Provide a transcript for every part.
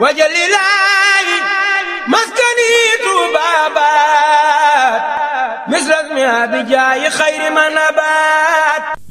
wajalilaayi maskani tubaaba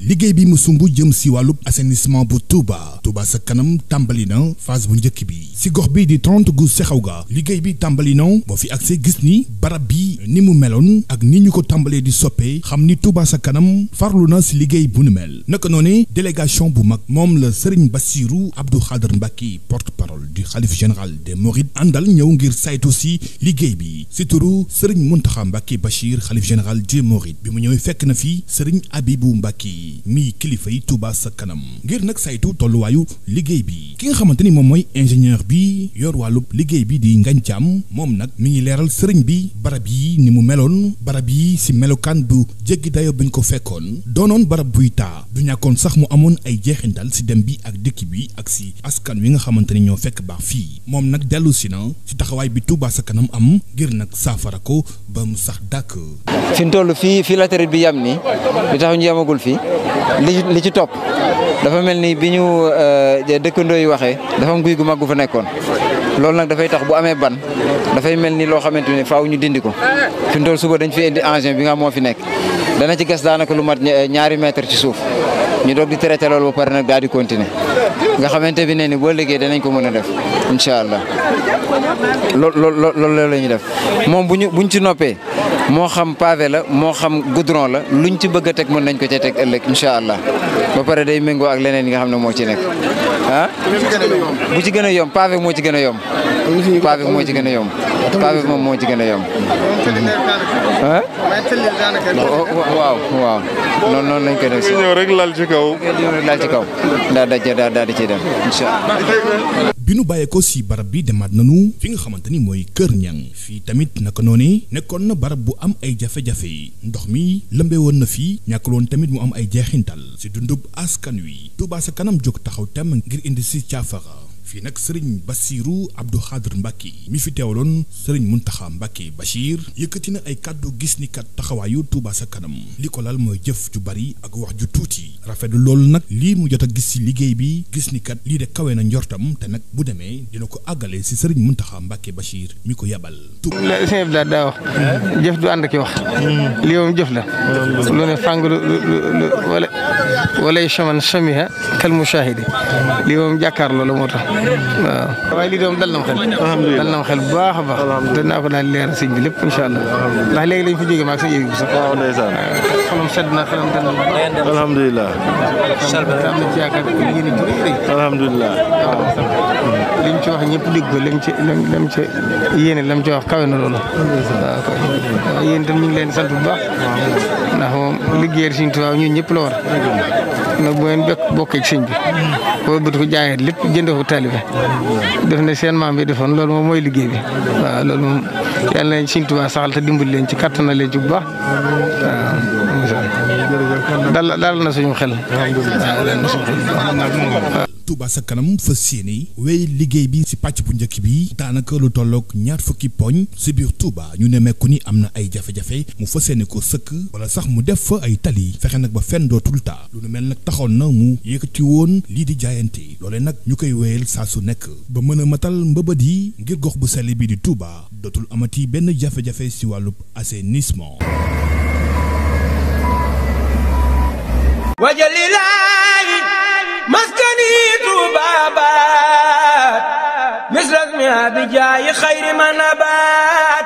liggéey bi mu sumb jëm si wàllub assainissement bu Touba Touba sa kanam tàmbali na phase bu njëkk bi si gox bi di 30 gu sexaw ga liggéey bi tàmbali na boo fi accès gis ni barab bi ni mu meloon ak ni ñu ko tàmbalee di soppee xam ni Touba sa kanam farlu na si liggéey bu nu mel naka noonu délégation bu mag moom la Serigne Bassirou Abdou Khadr Mbacké porte-parole du xalif général des Mourides àndal ñëw ngir saytu si liggéey bi si turu Serigne Mountakha Mbacké Bachir xalif général des Mourides bi mu ñëwé fekk na fi Serigne Abibou Mbaki mi kilifa yi Touba sa kanam ngir nag saytu wayu liggéey bi ki nga xamanteni mom moy ingénieur bi yor walu liggéey bi di ngantiam mom nak mi ngi léral Serigne bi barab yi ni mu meloon barab yi si bu jéggi dayo buñ ko fekkoon donon barab bu du sax mu amoon ay jéxindal si dem bi ak dëkk bi ak si askan wi nga xamanteni ñoo fekk ba fi mom nak delu si na si bi Touba sa kanam am ngir nak safara ko ba mu sax fi mu toll fii fii latérite bi yam nii li tax ñu yamagul fii li li ci topp dafa mel ni bi ñu euh, dëkkandoo yi waxee dafa am guy gu mag gu fa nekkoon loolu nag dafay tax bu amee ban dafay mel ni loo xamante ni faaw ñu dindi ko fi mu toll suba dañ fi indi bi nga moo fi nekk. dana ci gas daanaka lu mat ñaari mètre ci suuf ñu dog di traité loolu ba pare nag daal di continuer nga xamante bi ne ni boo liggéey danañ ko mën a def incha allah lool loolu loolu la def moom bu ñu bu ci noppee moo xam pavé la moo xam goudron la lu luñ ci bëgg a teg mën nañ ko cee teg ëllëg incha allah ba pare day méngoo ak leneen yi nga xam ne moo ci nekk ah. bu ci gën a yom pavé moo ci gën a yomb. pavé moo ci gën a yomb. pavé moom moo ci gën a yomb waaw waaw noonu noonu lañ koy def rek lal ci kaw ci dem bi nu si barab bi fi nga Kër Ñang tamit na barab bu am ay jafe-jafe ndox mi lëmbee na tamit mu am ay jeexintal si dundub askan wi Touba sa kanam jóg taxaw ngir indi fii nag sëriñ Bassirou Abdou Khadr Mbacke mi fi teewloon sëriñ Mountakha Mbacke Bachir yëkkati na ay kàddu gis ni kat taxawaayu tuuba sa kanam li ko laal mooy jëf ju bari ak wax ju tuuti rafet loolu nag lii mu jot a gis si liggéey bi gis ni kat lii de kawe na njortam te nag bu demee dina ko àggale si sëriñ Mountakha Mbacke Bachir mi ko yabal. la sëñ Abdoulaye daa wax. jëf du ànd ki wax. Hmm. lii moom jëf la. Hmm. lu ne fàng lu lu wala. walaysa man samiha kal mushahidi lii moom jàkkaarloo la moo tax waaw. waaye lii doom dal na xel. alhamdulilah xel bu baax a baax. alhamdulilah danaa ko daal leer sëñ bi lépp incha allah. ndax léegi lañ fa jógee maag sa yëngu sedd na xolam dal na ci yaakaar yéen a jugee rek. alhamdulilah. li mu ci wax ñëpp dégg ko ci lam ci yéene lam ci wax kawe na loolu. waaw kay waaw yéen itam ñu ngi leen di sant bu baax. ndax moom liggéeyal Sëñ Tuubaa ñun ñëpp la war. nag bu ngeen bokkee ci sëñ bi boo bëgg ko jaayee lépp jëndee ko taalibe def na seen maam yi defoon loolu moom mooy liggéey bi waaw loolu moom yàlla nañ sëñ Tuubaa saxal te dimbali leen ci kattan na leen ci bu baax waaw. dal dal na suñu xel. xel. Touba sa kanam fas yéene wéy liggéey bi ci pàcc bu njëkk bi daanaka lu tollook ñaar fukki poñ si biir tuubaa ñu ne mekku ni am na ay jafe-jafe mu fa yéene ko sëkk wala sax mu def fa ay tali fexe nag ba fenn dootul taa lu nu mel nag taxoon na mu yëkkati woon lii di jaayante loole nag ñu koy wéyal saa su nekk ba mën a matal mbëbët yi ngir gox bu sell bi di Touba dootul amati benn jafe-jafe si wàllu assainissement. wajalilaayi بابات مثل اسمها بجاي خير ما نبات